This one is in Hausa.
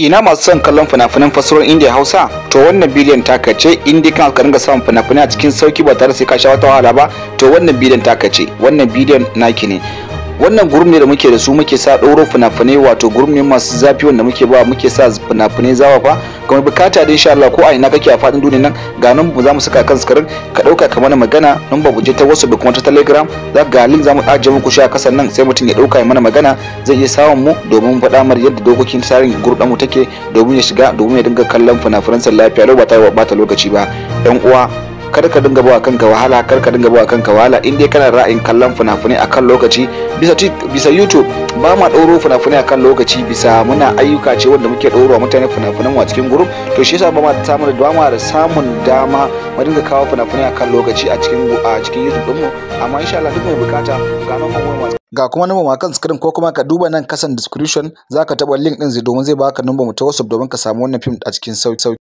ina masu son kallon fina-finan fasarar indiya hausa to wannan biliyan taka ce indi kan ka ringa samun fina-finai a cikin sauki ba tare sai ka sha wata wahala ba to wannan biliyan taka wannan biliyan naki ne wannan gurum da muke da su muke sa ɗauro fina-finai wato gurum ne masu zafi wanda muke ba muke sa fina-finai fa kamar bukata da insha Allah ko a ina kake a faɗin duniya nan ga nan mu za mu saka kan skarin ka dauka ka mana magana nan ba je ta wasu da kuma ta telegram za ga link za mu ajiye muku shi a kasan nan sai mutum ya dauka ya mana magana zai iya samun mu domin faɗa mar yadda dokokin tsarin gurɗan mu take domin ya shiga domin ya dinga kallon fina-finansa lafiya lau ba ta lokaci ba 'yan uwa kar ka dinga bawa kanka wahala kar ka dinga bawa kanka wahala in dai kana ra'ayin kallon fina-finai akan lokaci bisa bisa YouTube ba ma ɗauro fina-finai akan lokaci bisa muna ayyuka ce wanda muke ɗauro mutane fina-finan a cikin gurup to shi yasa ba ma samun da da samun dama mu dinga kawo fina-finai akan lokaci a cikin a cikin YouTube ɗinmu amma insha Allah duk mai bukata ga nan kuma ga kuma number ma kan screen ko kuma ka duba nan kasan description zaka taba link din zai domin zai baka number mu ta WhatsApp domin ka samu wannan film a cikin sauki